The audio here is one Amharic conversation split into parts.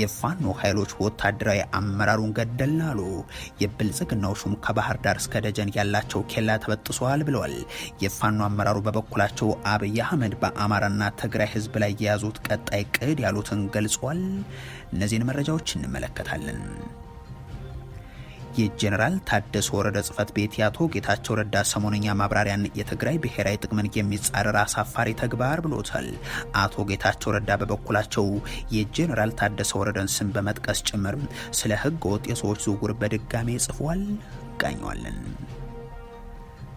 የፋኖ ኃይሎች ወታደራዊ አመራሩን ገደልናሉ። አሉ። የብልጽግናው ሹም ከባህር ዳር እስከ ደጀን ያላቸው ኬላ ተበጥሷል ብለዋል። የፋኖ አመራሩ በበኩላቸው አብይ አህመድ በአማራና ትግራይ ህዝብ ላይ የያዙት ቀጣይ ቅድ ያሉትን ገልጿል። እነዚህን መረጃዎች እንመለከታለን። የጄኔራል ታደሰ ወረደ ጽህፈት ቤት የአቶ ጌታቸው ረዳ ሰሞነኛ ማብራሪያን የትግራይ ብሔራዊ ጥቅምን የሚጻረር አሳፋሪ ተግባር ብሎታል። አቶ ጌታቸው ረዳ በበኩላቸው የጄኔራል ታደሰ ወረደን ስም በመጥቀስ ጭምር ስለ ህገ ወጥ የሰዎች ዝውውር በድጋሜ ጽፏል። ቃኘዋለን።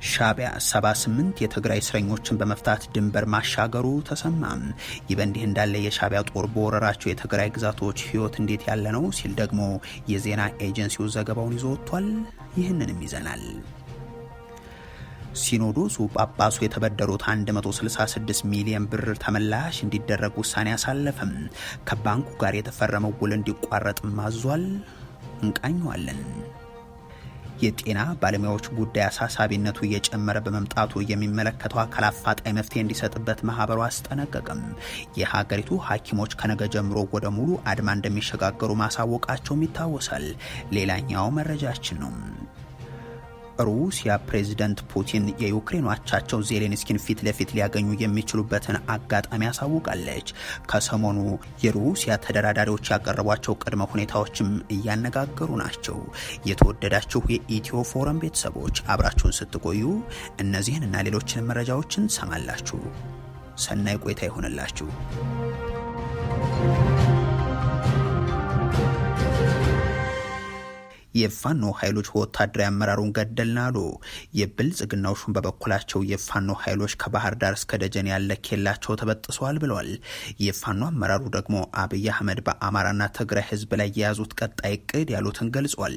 ሻቢያ 78 የትግራይ እስረኞችን በመፍታት ድንበር ማሻገሩ ተሰማም። ይህ በእንዲህ እንዳለ የሻቢያ ጦር በወረራቸው የትግራይ ግዛቶች ህይወት እንዴት ያለ ነው ሲል ደግሞ የዜና ኤጀንሲው ዘገባውን ይዞ ወጥቷል። ይህንንም ይዘናል። ሲኖዶሱ ጳጳሱ የተበደሩት 166 ሚሊዮን ብር ተመላሽ እንዲደረግ ውሳኔ አሳለፈም። ከባንኩ ጋር የተፈረመው ውል እንዲቋረጥ ማዟል። እንቃኘዋለን። የጤና ባለሙያዎች ጉዳይ አሳሳቢነቱ እየጨመረ በመምጣቱ የሚመለከተው አካል አፋጣኝ መፍትሄ እንዲሰጥበት ማህበሩ አስጠነቀቅም። የሀገሪቱ ሐኪሞች ከነገ ጀምሮ ወደ ሙሉ አድማ እንደሚሸጋገሩ ማሳወቃቸውም ይታወሳል። ሌላኛው መረጃችን ነው። ሩሲያ ፕሬዚደንት ፑቲን የዩክሬን አቻቸው ዜሌንስኪን ፊት ለፊት ሊያገኙ የሚችሉበትን አጋጣሚ አሳውቃለች። ከሰሞኑ የሩሲያ ተደራዳሪዎች ያቀረቧቸው ቅድመ ሁኔታዎችም እያነጋገሩ ናቸው። የተወደዳችሁ የኢትዮ ፎረም ቤተሰቦች አብራችሁን ስትቆዩ እነዚህን እና ሌሎችን መረጃዎችን ሰማላችሁ። ሰናይ ቆይታ ይሆንላችሁ። የፋኖ ኃይሎች ወታደራዊ አመራሩን ገደልን አሉ። የብልጽግናው ሹም በበኩላቸው የፋኖ ኃይሎች ከባህር ዳር እስከ ደጀን ያለ ኬላቸው ተበጥሰዋል ብለዋል። የፋኖ አመራሩ ደግሞ አብይ አህመድ በአማራና ትግራይ ህዝብ ላይ የያዙት ቀጣይ እቅድ ያሉትን ገልጿል።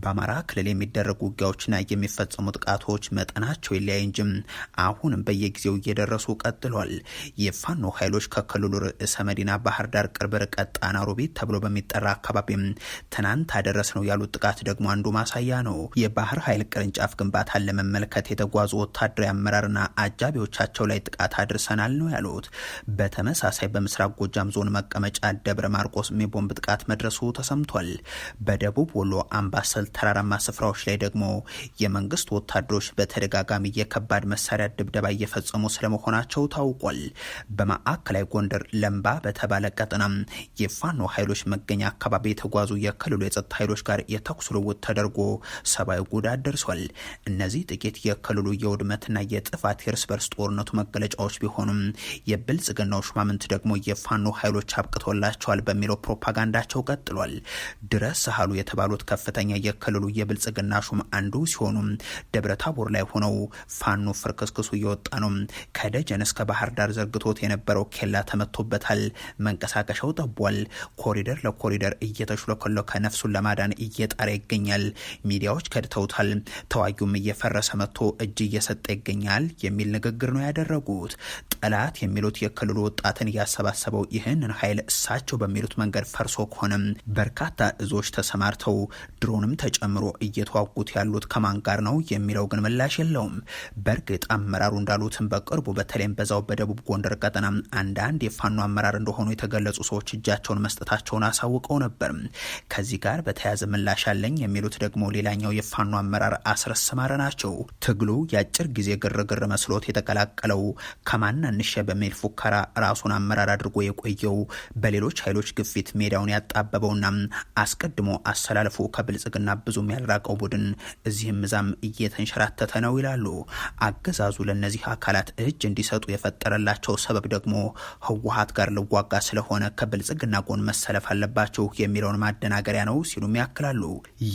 በአማራ ክልል የሚደረጉ ውጊያዎችና የሚፈጸሙ ጥቃቶች መጠናቸው ይለያይ እንጂም አሁንም በየጊዜው እየደረሱ ቀጥሏል። የፋኖ ኃይሎች ከክልሉ ርዕሰ መዲና ባህር ዳር ቅርብ ርቀት ጣና ሮቢት ተብሎ በሚጠራ አካባቢም ትናንት አደረስ ነው ያሉት መውጣት ደግሞ አንዱ ማሳያ ነው። የባህር ኃይል ቅርንጫፍ ግንባታን ለመመልከት የተጓዙ ወታደራዊ አመራርና አጃቢዎቻቸው ላይ ጥቃት አድርሰናል ነው ያሉት። በተመሳሳይ በምስራቅ ጎጃም ዞን መቀመጫ ደብረ ማርቆስ የቦምብ ጥቃት መድረሱ ተሰምቷል። በደቡብ ወሎ አምባሰል ተራራማ ስፍራዎች ላይ ደግሞ የመንግስት ወታደሮች በተደጋጋሚ የከባድ መሳሪያ ድብደባ እየፈጸሙ ስለመሆናቸው ታውቋል። በማዕከላዊ ጎንደር ለምባ በተባለ ቀጠናም የፋኖ ኃይሎች መገኛ አካባቢ የተጓዙ የክልሉ የጸጥታ ኃይሎች ጋር የተ የተኩስ ልውውጥ ተደርጎ ሰብአዊ ጉዳት ደርሷል። እነዚህ ጥቂት የክልሉ የውድመትና የጥፋት የእርስ በርስ ጦርነቱ መገለጫዎች ቢሆኑም የብልጽግናው ሹማምንት ደግሞ የፋኖ ኃይሎች አብቅቶላቸዋል በሚለው ፕሮፓጋንዳቸው ቀጥሏል። ድረስ ሳህሉ የተባሉት ከፍተኛ የክልሉ የብልጽግና ሹም አንዱ ሲሆኑ ደብረታቦር ላይ ሆነው ፋኖ ፍርክስክሱ እየወጣ ነው፣ ከደጀን እስከ ባህር ዳር ዘርግቶት የነበረው ኬላ ተመቶበታል፣ መንቀሳቀሻው ጠቧል፣ ኮሪደር ለኮሪደር እየተሽለኮለከ ነፍሱን ለማዳን እየጣረ እየተጣረ ይገኛል። ሚዲያዎች ከድተውታል። ተዋጊውም እየፈረሰ መጥቶ እጅ እየሰጠ ይገኛል የሚል ንግግር ነው ያደረጉት። ጠላት የሚሉት የክልሉ ወጣትን እያሰባሰበው ይህንን ኃይል እሳቸው በሚሉት መንገድ ፈርሶ ከሆነም በርካታ እዞች ተሰማርተው ድሮንም ተጨምሮ እየተዋጉት ያሉት ከማን ጋር ነው የሚለው ግን ምላሽ የለውም። በእርግጥ አመራሩ እንዳሉትም በቅርቡ በተለይም በዛው በደቡብ ጎንደር ቀጠና አንዳንድ የፋኖ አመራር እንደሆኑ የተገለጹ ሰዎች እጃቸውን መስጠታቸውን አሳውቀው ነበር። ከዚህ ጋር በተያያዘ ምላሽ አለኝ የሚሉት ደግሞ ሌላኛው የፋኖ አመራር አስረስ ናቸው። ትግሉ የአጭር ጊዜ ግርግር መስሎት የተቀላቀለው ከማን አንሸ በሚል ፉከራ ራሱን አመራር አድርጎ የቆየው በሌሎች ኃይሎች ግፊት ሜዳውን ያጣበበውና አስቀድሞ አሰላለፉ ከብልጽግና ብዙም ያልራቀው ቡድን እዚህም እዛም እየተንሸራተተ ነው ይላሉ። አገዛዙ ለእነዚህ አካላት እጅ እንዲሰጡ የፈጠረላቸው ሰበብ ደግሞ ህወሀት ጋር ልዋጋ ስለሆነ ከብልጽግና ጎን መሰለፍ አለባቸው የሚለውን ማደናገሪያ ነው ሲሉም ያክላሉ።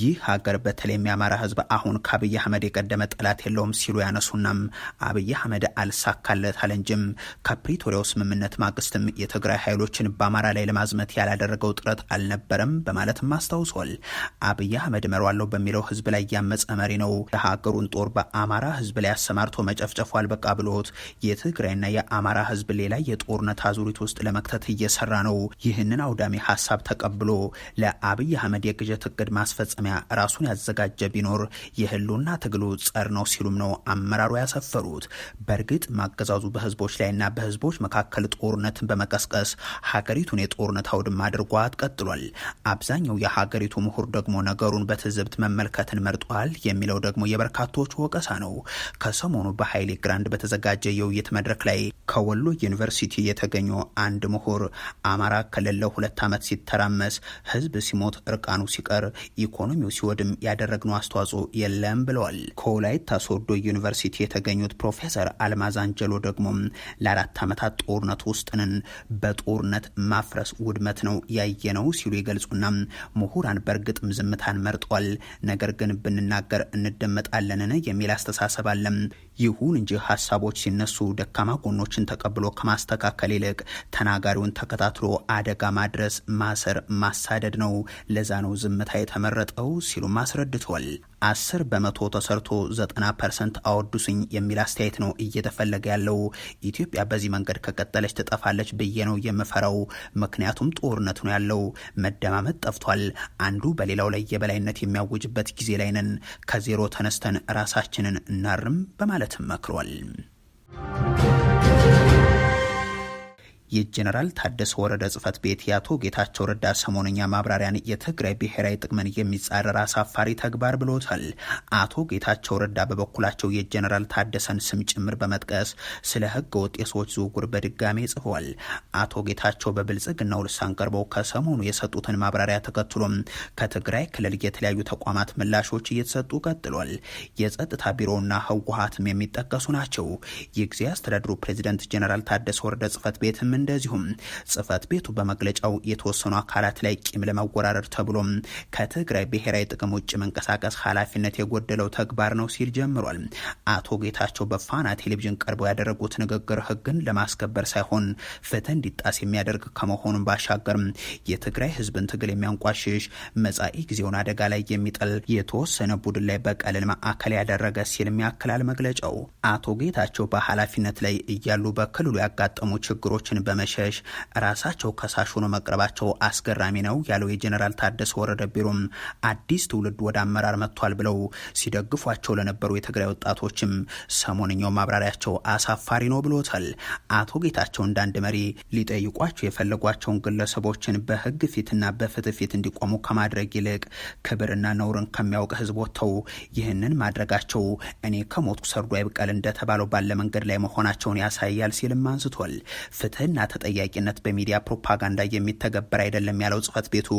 ይህ ሀገር በተለይም የአማራ ህዝብ አሁን ከአብይ አህመድ የቀደመ ጠላት የለውም ሲሉ ያነሱናም አብይ አህመድ አልሳካለታል አለ እንጂም ከፕሪቶሪያው ስምምነት ማግስትም የትግራይ ኃይሎችን በአማራ ላይ ለማዝመት ያላደረገው ጥረት አልነበረም በማለትም አስታውሷል። አብይ አህመድ መሯለሁ በሚለው ህዝብ ላይ ያመፀ መሪ ነው። የሀገሩን ጦር በአማራ ህዝብ ላይ አሰማርቶ መጨፍጨፉ አልበቃ ብሎት የትግራይና የአማራ ህዝብ ሌላ የጦርነት አዙሪት ውስጥ ለመክተት እየሰራ ነው። ይህንን አውዳሚ ሀሳብ ተቀብሎ ለአብይ አህመድ የቅዠት እቅድ ማስፈ ማስፈጸሚያ ራሱን ያዘጋጀ ቢኖር የህልውና ትግሉ ጸር ነው ሲሉም ነው አመራሩ ያሰፈሩት። በእርግጥ ማገዛዙ በህዝቦች ላይና በህዝቦች መካከል ጦርነትን በመቀስቀስ ሀገሪቱን የጦርነት አውድማ አድርጓት ቀጥሏል። አብዛኛው የሀገሪቱ ምሁር ደግሞ ነገሩን በትዝብት መመልከትን መርጧል የሚለው ደግሞ የበርካቶች ወቀሳ ነው። ከሰሞኑ በሀይሌ ግራንድ በተዘጋጀ የውይይት መድረክ ላይ ከወሎ ዩኒቨርሲቲ የተገኙ አንድ ምሁር አማራ ክልል ለሁለት ዓመት ሲተራመስ ህዝብ ሲሞት እርቃኑ ሲቀር ኢኮኖሚው ሲወድም ያደረግነው አስተዋጽኦ የለም ብለዋል። ከወላይታ ሶዶ ዩኒቨርሲቲ የተገኙት ፕሮፌሰር አልማዝ አንጀሎ ደግሞ ለአራት ዓመታት ጦርነት ውስጥ በጦርነት ማፍረስ ውድመት ነው ያየነው ሲሉ ይገልጹና ምሁራን በእርግጥም ዝምታን መርጠዋል። ነገር ግን ብንናገር እንደመጣለንን የሚል አስተሳሰብ አለም። ይሁን እንጂ ሀሳቦች ሲነሱ ደካማ ጎኖችን ተቀብሎ ከማስተካከል ይልቅ ተናጋሪውን ተከታትሎ አደጋ ማድረስ፣ ማሰር፣ ማሳደድ ነው። ለዛ ነው ዝምታ የተመረጠው ሲሉም አስረድቷል። አስር በመቶ ተሰርቶ ዘጠና ፐርሰንት አወዱስኝ የሚል አስተያየት ነው እየተፈለገ ያለው። ኢትዮጵያ በዚህ መንገድ ከቀጠለች ትጠፋለች ብዬ ነው የምፈራው። ምክንያቱም ጦርነት ነው ያለው፣ መደማመጥ ጠፍቷል። አንዱ በሌላው ላይ የበላይነት የሚያውጅበት ጊዜ ላይ ነን። ከዜሮ ተነስተን ራሳችንን እናርም በማለትም መክሯል። የጀነራል ታደሰ ወረደ ጽህፈት ቤት የአቶ ጌታቸው ረዳ ሰሞነኛ ማብራሪያን የትግራይ ብሔራዊ ጥቅምን የሚጻረር አሳፋሪ ተግባር ብሎታል። አቶ ጌታቸው ረዳ በበኩላቸው የጀነራል ታደሰን ስም ጭምር በመጥቀስ ስለ ህገ ወጥ የሰዎች ዝውውር በድጋሜ ጽፏል። አቶ ጌታቸው በብልጽግናው ልሳን ቀርበው ከሰሞኑ የሰጡትን ማብራሪያ ተከትሎም ከትግራይ ክልል የተለያዩ ተቋማት ምላሾች እየተሰጡ ቀጥሏል። የጸጥታ ቢሮውና ህወሀትም የሚጠቀሱ ናቸው። የጊዜያዊ አስተዳደሩ ፕሬዚደንት ጀነራል ታደሰ ወረደ ጽህፈት ቤትም እንደዚሁም ጽህፈት ቤቱ በመግለጫው የተወሰኑ አካላት ላይ ቂም ለመወራረድ ተብሎም ከትግራይ ብሔራዊ ጥቅም ውጭ መንቀሳቀስ ኃላፊነት የጎደለው ተግባር ነው ሲል ጀምሯል። አቶ ጌታቸው በፋና ቴሌቪዥን ቀርበው ያደረጉት ንግግር ህግን ለማስከበር ሳይሆን ፍትህ እንዲጣስ የሚያደርግ ከመሆኑን ባሻገር የትግራይ ህዝብን ትግል የሚያንቋሽሽ መጻኢ ጊዜውን አደጋ ላይ የሚጥል የተወሰነ ቡድን ላይ በቀልን ማዕከል ያደረገ ሲልም ያክላል መግለጫው። አቶ ጌታቸው በኃላፊነት ላይ እያሉ በክልሉ ያጋጠሙ ችግሮችን በመሸሽ ራሳቸው ከሳሽ ሆኖ መቅረባቸው አስገራሚ ነው ያለው የጀኔራል ታደሰ ወረደ ቢሮም አዲስ ትውልድ ወደ አመራር መጥቷል ብለው ሲደግፏቸው ለነበሩ የትግራይ ወጣቶችም ሰሞንኛው ማብራሪያቸው አሳፋሪ ነው ብሎታል። አቶ ጌታቸው እንዳንድ መሪ ሊጠይቋቸው የፈለጓቸውን ግለሰቦችን በህግ ፊትና በፍትህ ፊት እንዲቆሙ ከማድረግ ይልቅ ክብርና ነውርን ከሚያውቅ ህዝብ ወጥተው ይህንን ማድረጋቸው እኔ ከሞትኩ ሰርዶ አይብቀል እንደተባለው ባለ መንገድ ላይ መሆናቸውን ያሳያል ሲልም አንስቷል። ፍትህ ፍትህና ተጠያቂነት በሚዲያ ፕሮፓጋንዳ የሚተገበር አይደለም ያለው ጽህፈት ቤቱ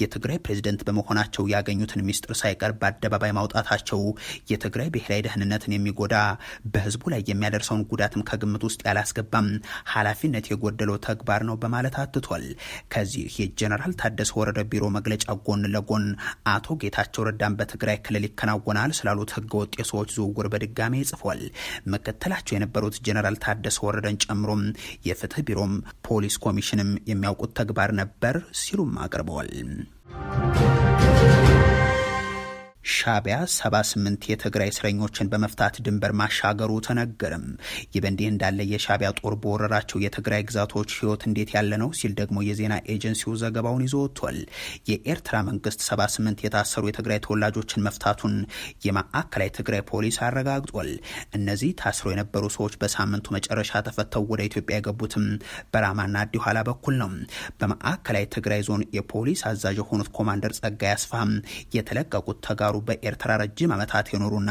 የትግራይ ፕሬዝደንት በመሆናቸው ያገኙትን ሚስጥር ሳይቀር በአደባባይ ማውጣታቸው የትግራይ ብሔራዊ ደህንነትን የሚጎዳ በህዝቡ ላይ የሚያደርሰውን ጉዳትም ከግምት ውስጥ ያላስገባም ኃላፊነት የጎደለው ተግባር ነው በማለት አትቷል። ከዚህ የጀኔራል ታደሰ ወረደ ቢሮ መግለጫ ጎን ለጎን አቶ ጌታቸው ረዳን በትግራይ ክልል ይከናወናል ስላሉት ህገወጥ የሰዎች ዝውውር በድጋሜ ጽፏል። ምክትላቸው የነበሩት ጀኔራል ታደሰ ወረደን ጨምሮም የፍትህ ቢሮ ቢሮም ፖሊስ ኮሚሽንም የሚያውቁት ተግባር ነበር ሲሉም አቅርበዋል። ሻቢያ 78 የትግራይ እስረኞችን በመፍታት ድንበር ማሻገሩ ተነገርም። ይህ በእንዲህ እንዳለ የሻቢያ ጦር በወረራቸው የትግራይ ግዛቶች ህይወት እንዴት ያለ ነው ሲል ደግሞ የዜና ኤጀንሲው ዘገባውን ይዞ ወጥቷል። የኤርትራ መንግስት 78 የታሰሩ የትግራይ ተወላጆችን መፍታቱን የማዕከላዊ ትግራይ ፖሊስ አረጋግጧል። እነዚህ ታስረው የነበሩ ሰዎች በሳምንቱ መጨረሻ ተፈተው ወደ ኢትዮጵያ የገቡትም በራማና አዲ ኋላ በኩል ነው። በማዕከላዊ ትግራይ ዞን የፖሊስ አዛዥ የሆኑት ኮማንደር ጸጋይ አስፋም የተለቀቁት ተጋሩ በአንጻሩ በኤርትራ ረጅም ዓመታት የኖሩና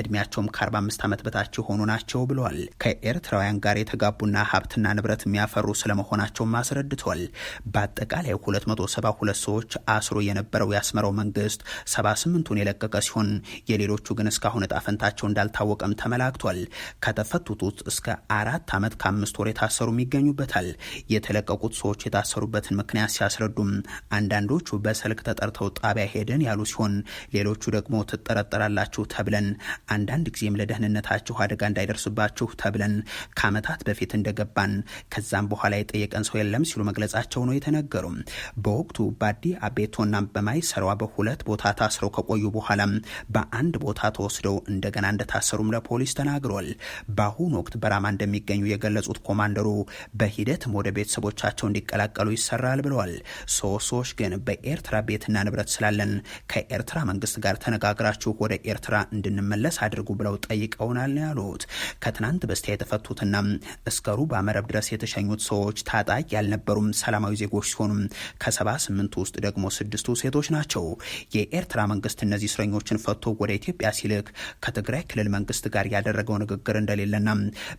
እድሜያቸውም ከ45 ዓመት በታች የሆኑ ናቸው ብለዋል። ከኤርትራውያን ጋር የተጋቡና ሀብትና ንብረት የሚያፈሩ ስለመሆናቸውም አስረድቷል። በአጠቃላይ 272 ሰዎች አስሮ የነበረው የአስመራው መንግስት 78ቱን የለቀቀ ሲሆን የሌሎቹ ግን እስካሁን እጣ ፈንታቸው እንዳልታወቀም ተመላክቷል። ከተፈቱት ውስጥ እስከ አራት ዓመት ከአምስት ወር የታሰሩም ይገኙበታል። የተለቀቁት ሰዎች የታሰሩበትን ምክንያት ሲያስረዱም አንዳንዶቹ በስልክ ተጠርተው ጣቢያ ሄደን ያሉ ሲሆን ሌሎቹ ሌሎቹ ደግሞ ትጠረጠራላችሁ ተብለን አንዳንድ ጊዜም ለደህንነታችሁ አደጋ እንዳይደርስባችሁ ተብለን ከአመታት በፊት እንደገባን ከዛም በኋላ የጠየቀን ሰው የለም ሲሉ መግለጻቸው ነው የተነገሩ። በወቅቱ በአዲ አቤቶና ሰሯ በሁለት ቦታ ታስረው ከቆዩ በኋላ በአንድ ቦታ ተወስደው እንደገና እንደታሰሩም ለፖሊስ ተናግሯል። በአሁኑ ወቅት በራማ እንደሚገኙ የገለጹት ኮማንደሩ በሂደትም ወደ ቤተሰቦቻቸው እንዲቀላቀሉ ይሰራል ብለዋል። ሶስት ሰዎች ግን በኤርትራ ቤትና ንብረት ስላለን ከኤርትራ መንግስት ጋር ተነጋግራችሁ ወደ ኤርትራ እንድንመለስ አድርጉ ብለው ጠይቀውናል ያሉት ከትናንት በስቲያ የተፈቱትና እስከ ሩብ አመረብ ድረስ የተሸኙት ሰዎች ታጣቂ ያልነበሩም ሰላማዊ ዜጎች ሲሆኑም ከሰባ ስምንቱ ውስጥ ደግሞ ስድስቱ ሴቶች ናቸው። የኤርትራ መንግስት እነዚህ እስረኞችን ፈቶ ወደ ኢትዮጵያ ሲልክ ከትግራይ ክልል መንግስት ጋር ያደረገው ንግግር እንደሌለና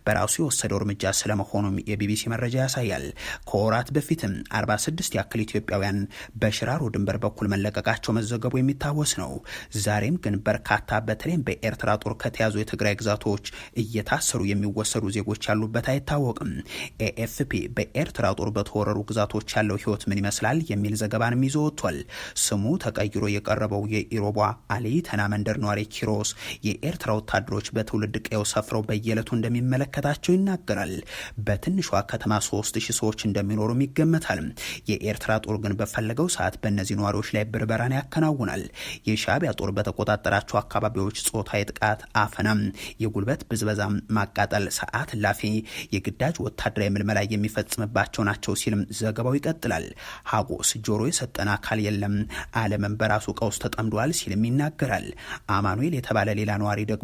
በራሱ የወሰደው እርምጃ ስለመሆኑም የቢቢሲ መረጃ ያሳያል። ከወራት በፊትም 46 ያክል ኢትዮጵያውያን በሽራሮ ድንበር በኩል መለቀቃቸው መዘገቡ የሚታወስ ነው። ዛሬም ግን በርካታ በተለይም በኤርትራ ጦር ከተያዙ የትግራይ ግዛቶች እየታሰሩ የሚወሰዱ ዜጎች ያሉበት አይታወቅም። ኤኤፍፒ በኤርትራ ጦር በተወረሩ ግዛቶች ያለው ህይወት ምን ይመስላል የሚል ዘገባንም ይዞ ወጥቷል። ስሙ ተቀይሮ የቀረበው የኢሮቧ አሊ ተና መንደር ነዋሪ ኪሮስ የኤርትራ ወታደሮች በትውልድ ቀየው ሰፍረው በየዕለቱ እንደሚመለከታቸው ይናገራል። በትንሿ ከተማ ሶስት ሺህ ሰዎች እንደሚኖሩም ይገመታል። የኤርትራ ጦር ግን በፈለገው ሰዓት በእነዚህ ነዋሪዎች ላይ ብርበራን ያከናውናል። የሻቢ የሻቢያ ጦር በተቆጣጠራቸው አካባቢዎች ጾታዊ ጥቃት፣ አፈናም፣ የጉልበት ብዝበዛ ማቃጠል፣ ሰዓት ላፊ የግዳጅ ወታደራዊ ምልመላ የሚፈጽምባቸው ናቸው ሲልም ዘገባው ይቀጥላል። ሀጎስ ጆሮ የሰጠን አካል የለም፣ ዓለምን በራሱ ቀውስ ተጠምዷል ሲልም ይናገራል። አማኑኤል የተባለ ሌላ ነዋሪ ደግሞ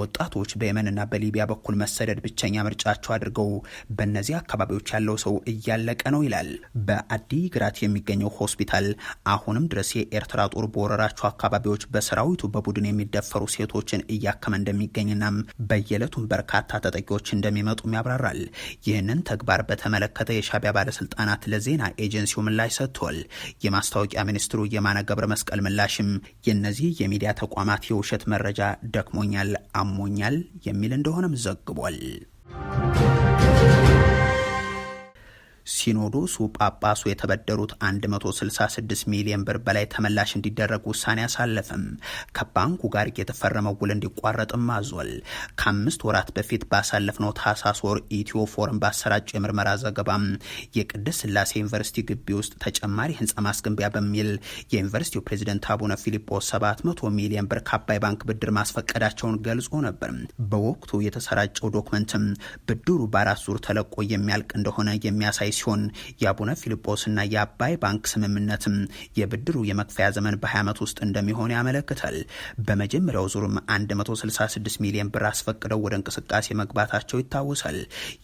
ወጣቶች በየመንና በሊቢያ በኩል መሰደድ ብቸኛ ምርጫቸው አድርገው በእነዚህ አካባቢዎች ያለው ሰው እያለቀ ነው ይላል። በአዲግራት የሚገኘው ሆስፒታል አሁንም ድረስ የኤርትራ ጦር በወረራቸው አካባቢ ታጣቂዎች በሰራዊቱ በቡድን የሚደፈሩ ሴቶችን እያከመ እንደሚገኝና በየዕለቱም በርካታ ተጠቂዎች እንደሚመጡም ያብራራል። ይህንን ተግባር በተመለከተ የሻቢያ ባለስልጣናት ለዜና ኤጀንሲው ምላሽ ሰጥቷል። የማስታወቂያ ሚኒስትሩ የማነ ገብረ መስቀል ምላሽም የእነዚህ የሚዲያ ተቋማት የውሸት መረጃ ደክሞኛል፣ አሞኛል የሚል እንደሆነም ዘግቧል። ሲኖዶሱ ጳጳሱ የተበደሩት 166 ሚሊዮን ብር በላይ ተመላሽ እንዲደረግ ውሳኔ አሳለፍም። ከባንኩ ጋር የተፈረመው ውል እንዲቋረጥም አዟል። ከአምስት ወራት በፊት ባሳለፍነው ታህሳስ ወር ኢትዮ ፎረም ባሰራጨው የምርመራ ዘገባም የቅድስት ስላሴ ዩኒቨርሲቲ ግቢ ውስጥ ተጨማሪ ህንፃ ማስገንቢያ በሚል የዩኒቨርሲቲው ፕሬዚደንት አቡነ ፊሊጶስ 700 ሚሊዮን ብር ከአባይ ባንክ ብድር ማስፈቀዳቸውን ገልጾ ነበር። በወቅቱ የተሰራጨው ዶክመንትም ብድሩ በአራት ዙር ተለቆ የሚያልቅ እንደሆነ የሚያሳይ ሲሆን የአቡነ ፊልጶስና የአባይ ባንክ ስምምነትም የብድሩ የመክፈያ ዘመን በ20 ዓመት ውስጥ እንደሚሆን ያመለክታል። በመጀመሪያው ዙርም 166 ሚሊዮን ብር አስፈቅደው ወደ እንቅስቃሴ መግባታቸው ይታወሳል።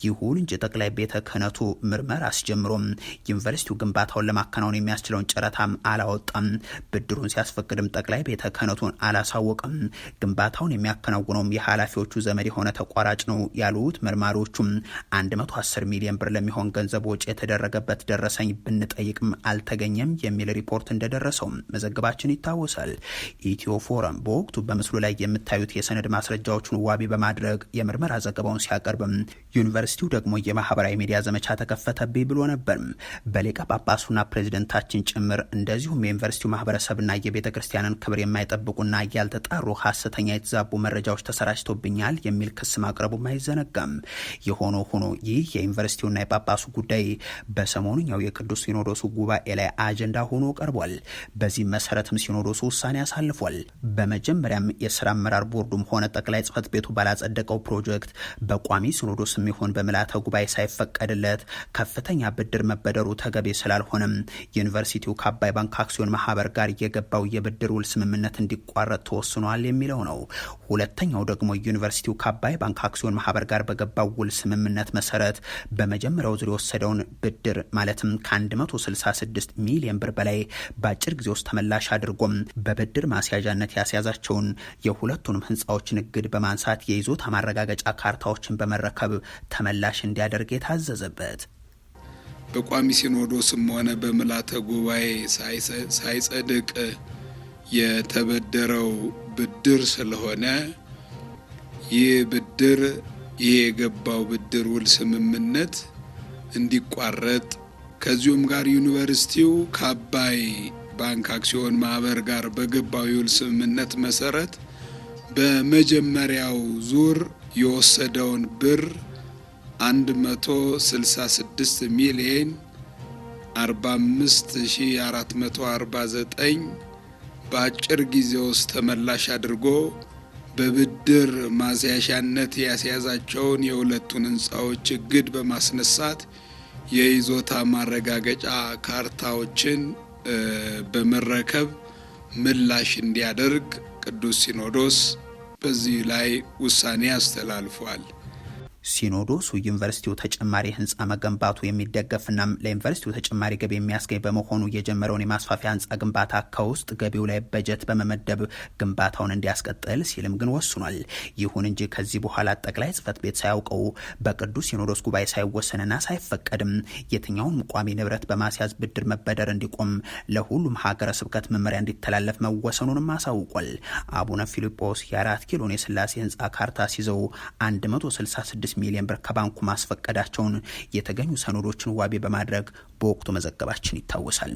ይሁን እንጂ ጠቅላይ ቤተ ክህነቱ ምርመራ አስጀምሮም ዩኒቨርሲቲው ግንባታውን ለማከናወን የሚያስችለውን ጨረታም አላወጣም። ብድሩን ሲያስፈቅድም ጠቅላይ ቤተ ክህነቱን አላሳወቅም። ግንባታውን የሚያከናውነውም የኃላፊዎቹ ዘመድ የሆነ ተቋራጭ ነው ያሉት መርማሪዎቹም 110 ሚሊዮን ብር ለሚሆን ገንዘብ ወጪ ውጭ የተደረገበት ደረሰኝ ብንጠይቅም አልተገኘም የሚል ሪፖርት እንደደረሰው መዘገባችን ይታወሳል። ኢትዮ ፎረም በወቅቱ በምስሉ ላይ የምታዩት የሰነድ ማስረጃዎችን ዋቢ በማድረግ የምርመራ ዘገባውን ሲያቀርብም ዩኒቨርሲቲው ደግሞ የማህበራዊ ሚዲያ ዘመቻ ተከፈተብኝ ብሎ ነበር። በሊቀ ጳጳሱና ፕሬዚደንታችን ጭምር እንደዚሁም የዩኒቨርሲቲው ማህበረሰብና የቤተ ክርስቲያንን ክብር የማይጠብቁና ያልተጣሩ ሀሰተኛ የተዛቡ መረጃዎች ተሰራጭቶብኛል የሚል ክስ ማቅረቡም አይዘነጋም። የሆኖ ሆኖ ይህ የዩኒቨርሲቲውና የጳጳሱ ጉዳይ ጉዳይ በሰሞኑኛው የቅዱስ ሲኖዶሱ ጉባኤ ላይ አጀንዳ ሆኖ ቀርቧል። በዚህ መሰረትም ሲኖዶሱ ውሳኔ አሳልፏል። በመጀመሪያም የስራ አመራር ቦርዱም ሆነ ጠቅላይ ጽህፈት ቤቱ ባላጸደቀው ፕሮጀክት በቋሚ ሲኖዶስ የሚሆን በምልዓተ ጉባኤ ሳይፈቀድለት ከፍተኛ ብድር መበደሩ ተገቢ ስላልሆነም ዩኒቨርሲቲው ከአባይ ባንክ አክሲዮን ማህበር ጋር የገባው የብድር ውል ስምምነት እንዲቋረጥ ተወስኗል የሚለው ነው። ሁለተኛው ደግሞ ዩኒቨርሲቲው ከአባይ ባንክ አክሲዮን ማህበር ጋር በገባው ውል ስምምነት መሰረት በመጀመሪያው ዙር የወሰደውን የተሰጠውን ብድር ማለትም ከ166 ሚሊዮን ብር በላይ በአጭር ጊዜ ውስጥ ተመላሽ አድርጎም በብድር ማስያዣነት ያስያዛቸውን የሁለቱንም ህንፃዎችን እግድ በማንሳት የይዞታ ማረጋገጫ ካርታዎችን በመረከብ ተመላሽ እንዲያደርግ የታዘዘበት በቋሚ ሲኖዶስም ሆነ በምልዓተ ጉባኤ ሳይጸድቅ የተበደረው ብድር ስለሆነ ይህ ብድር ይህ የገባው ብድር ውል ስምምነት እንዲቋረጥ ከዚሁም ጋር ዩኒቨርሲቲው ከአባይ ባንክ አክሲዮን ማህበር ጋር በገባው የውል ስምምነት መሰረት በመጀመሪያው ዙር የወሰደውን ብር 166 ሚሊየን 45449 በአጭር ጊዜ ውስጥ ተመላሽ አድርጎ በብድር ማስያሻነት ያስያዛቸውን የሁለቱን ህንፃዎች እግድ በማስነሳት የይዞታ ማረጋገጫ ካርታዎችን በመረከብ ምላሽ እንዲያደርግ ቅዱስ ሲኖዶስ በዚህ ላይ ውሳኔ አስተላልፏል። ሲኖዶሱ ዩኒቨርሲቲው ተጨማሪ ህንፃ መገንባቱ የሚደገፍና ለዩኒቨርሲቲው ተጨማሪ ገቢ የሚያስገኝ በመሆኑ የጀመረውን የማስፋፊያ ህንፃ ግንባታ ከውስጥ ገቢው ላይ በጀት በመመደብ ግንባታውን እንዲያስቀጥል ሲልም ግን ወስኗል። ይሁን እንጂ ከዚህ በኋላ ጠቅላይ ጽህፈት ቤት ሳያውቀው በቅዱስ ሲኖዶስ ጉባኤ ሳይወሰንና ሳይፈቀድም የትኛውን ቋሚ ንብረት በማስያዝ ብድር መበደር እንዲቆም ለሁሉም ሀገረ ስብከት መመሪያ እንዲተላለፍ መወሰኑንም አሳውቋል። አቡነ ፊልጶስ የአራት ኪሎን የስላሴ ህንፃ ካርታ ሲዘው 166 አምስት ሚሊዮን ብር ከባንኩ ማስፈቀዳቸውን የተገኙ ሰነዶችን ዋቢ በማድረግ በወቅቱ መዘገባችን ይታወሳል።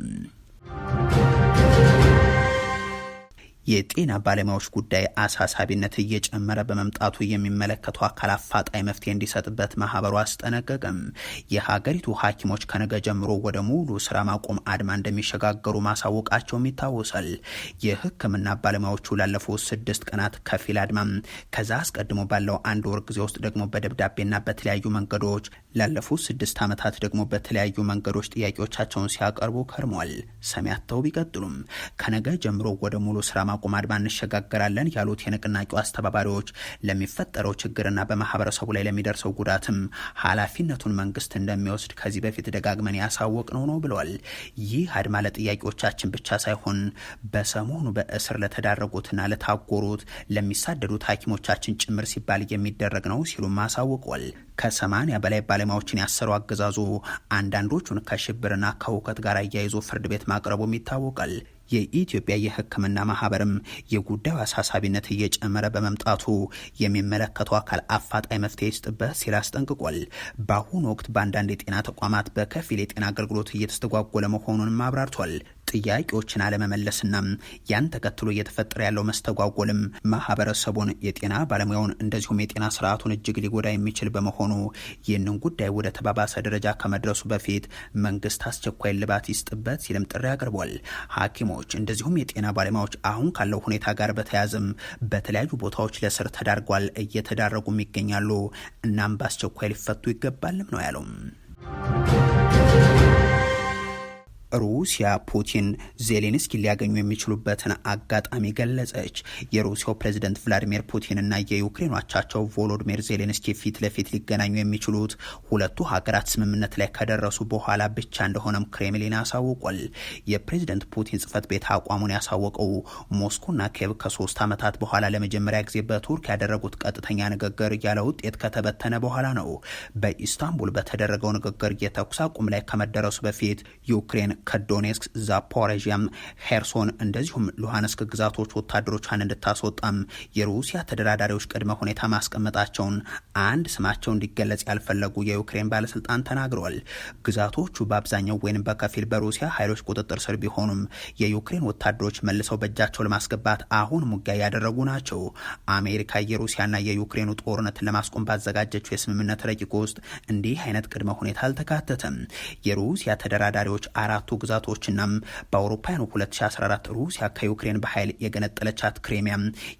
የጤና ባለሙያዎች ጉዳይ አሳሳቢነት እየጨመረ በመምጣቱ የሚመለከቱ አካል አፋጣኝ መፍትሄ እንዲሰጥበት ማህበሩ አስጠነቀቅም። የሀገሪቱ ሐኪሞች ከነገ ጀምሮ ወደ ሙሉ ስራ ማቆም አድማ እንደሚሸጋገሩ ማሳወቃቸውም ይታወሳል። የህክምና ባለሙያዎቹ ላለፉት ስድስት ቀናት ከፊል አድማ ከዛ አስቀድሞ ባለው አንድ ወር ጊዜ ውስጥ ደግሞ በደብዳቤና በተለያዩ መንገዶች ላለፉት ስድስት ዓመታት ደግሞ በተለያዩ መንገዶች ጥያቄዎቻቸውን ሲያቀርቡ ከርሟል። ሰሚያተው ቢቀጥሉም ከነገ ጀምሮ ወደ ሙሉ ስራ ማቆም አድማ እንሸጋገራለን ያሉት የንቅናቄው አስተባባሪዎች ለሚፈጠረው ችግርና በማህበረሰቡ ላይ ለሚደርሰው ጉዳትም ኃላፊነቱን መንግስት እንደሚወስድ ከዚህ በፊት ደጋግመን ያሳወቅ ነው ነው ብለዋል። ይህ አድማ ለጥያቄዎቻችን ብቻ ሳይሆን በሰሞኑ በእስር ለተዳረጉትና ለታጎሩት ለሚሳደዱት ሐኪሞቻችን ጭምር ሲባል የሚደረግ ነው ሲሉም አሳውቋል። ከሰማንያ በላይ ባለሙያዎችን ያሰሩ አገዛዙ አንዳንዶቹን ከሽብርና ከውከት ጋር አያይዞ ፍርድ ቤት ማቅረቡም ይታወቃል። የኢትዮጵያ የሕክምና ማህበርም የጉዳዩ አሳሳቢነት እየጨመረ በመምጣቱ የሚመለከተው አካል አፋጣኝ መፍትሄ ይስጥበት ሲል አስጠንቅቋል። በአሁኑ ወቅት በአንዳንድ የጤና ተቋማት በከፊል የጤና አገልግሎት እየተስተጓጎለ መሆኑንም አብራርቷል። ጥያቄዎችን አለመመለስና ያን ተከትሎ እየተፈጠረ ያለው መስተጓጎልም ማህበረሰቡን፣ የጤና ባለሙያውን እንደዚሁም የጤና ስርዓቱን እጅግ ሊጎዳ የሚችል በመሆኑ ይህንን ጉዳይ ወደ ተባባሰ ደረጃ ከመድረሱ በፊት መንግስት አስቸኳይ ልባት ይስጥበት ሲልም ጥሪ አቅርቧል። ሐኪሞች እንደዚሁም የጤና ባለሙያዎች አሁን ካለው ሁኔታ ጋር በተያያዘም በተለያዩ ቦታዎች ለስር ተዳርጓል፣ እየተዳረጉም ይገኛሉ። እናም በአስቸኳይ ሊፈቱ ይገባልም ነው ያለው። ሩሲያ ፑቲን ዜሌንስኪ ሊያገኙ የሚችሉበትን አጋጣሚ ገለጸች። የሩሲያው ፕሬዝደንት ቭላዲሚር ፑቲን እና የዩክሬን አቻቸው ቮሎዲሚር ዜሌንስኪ ፊት ለፊት ሊገናኙ የሚችሉት ሁለቱ ሀገራት ስምምነት ላይ ከደረሱ በኋላ ብቻ እንደሆነም ክሬምሊን አሳውቋል። የፕሬዝደንት ፑቲን ጽህፈት ቤት አቋሙን ያሳወቀው ሞስኮና ኬቭ ከሶስት ዓመታት በኋላ ለመጀመሪያ ጊዜ በቱርክ ያደረጉት ቀጥተኛ ንግግር ያለ ውጤት ከተበተነ በኋላ ነው። በኢስታንቡል በተደረገው ንግግር የተኩስ አቁም ላይ ከመደረሱ በፊት ዩክሬን ከዶኔትስክ፣ ዛፖሬዥያም፣ ሄርሶን እንደዚሁም ሉሃንስክ ግዛቶች ወታደሮቿን እንድታስወጣም የሩሲያ ተደራዳሪዎች ቅድመ ሁኔታ ማስቀመጣቸውን አንድ ስማቸው እንዲገለጽ ያልፈለጉ የዩክሬን ባለስልጣን ተናግረዋል። ግዛቶቹ በአብዛኛው ወይም በከፊል በሩሲያ ኃይሎች ቁጥጥር ስር ቢሆኑም የዩክሬን ወታደሮች መልሰው በእጃቸው ለማስገባት አሁን ሙጊያ ያደረጉ ናቸው። አሜሪካ የሩሲያና የዩክሬኑ ጦርነትን ለማስቆም ባዘጋጀችው የስምምነት ረቂቅ ውስጥ እንዲህ አይነት ቅድመ ሁኔታ አልተካተተም። የሩሲያ ተደራዳሪዎች አራት አራቱ ግዛቶችና በአውሮፓውያኑ 2014 ሩሲያ ከዩክሬን በኃይል የገነጠለቻት ክሬሚያ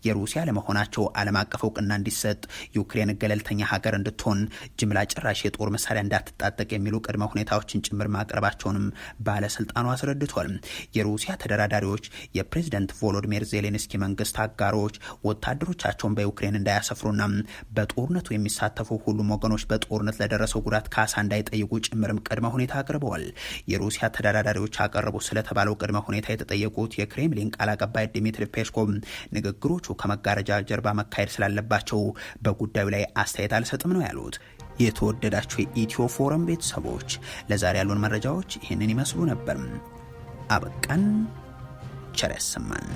የሩሲያ ለመሆናቸው ዓለም አቀፍ እውቅና እንዲሰጥ ዩክሬን ገለልተኛ ሀገር እንድትሆን ጅምላ ጭራሽ የጦር መሳሪያ እንዳትጣጠቅ የሚሉ ቅድመ ሁኔታዎችን ጭምር ማቅረባቸውንም ባለስልጣኑ አስረድቷል። የሩሲያ ተደራዳሪዎች የፕሬዝደንት ቮሎዲሚር ዜሌንስኪ መንግስት አጋሮች ወታደሮቻቸውን በዩክሬን እንዳያሰፍሩና በጦርነቱ የሚሳተፉ ሁሉም ወገኖች በጦርነት ለደረሰው ጉዳት ካሳ እንዳይጠይቁ ጭምርም ቅድመ ሁኔታ አቅርበዋል። የሩሲያ ተደራ አደራዳሪዎች አቀረቡ ስለተባለው ቅድመ ሁኔታ የተጠየቁት የክሬምሊን ቃል አቀባይ ድሚትሪ ፔስኮቭ ንግግሮቹ ከመጋረጃ ጀርባ መካሄድ ስላለባቸው በጉዳዩ ላይ አስተያየት አልሰጥም ነው ያሉት። የተወደዳቸው የኢትዮ ፎረም ቤተሰቦች ለዛሬ ያሉን መረጃዎች ይህንን ይመስሉ ነበር። አበቃን። ቸር ያሰማን።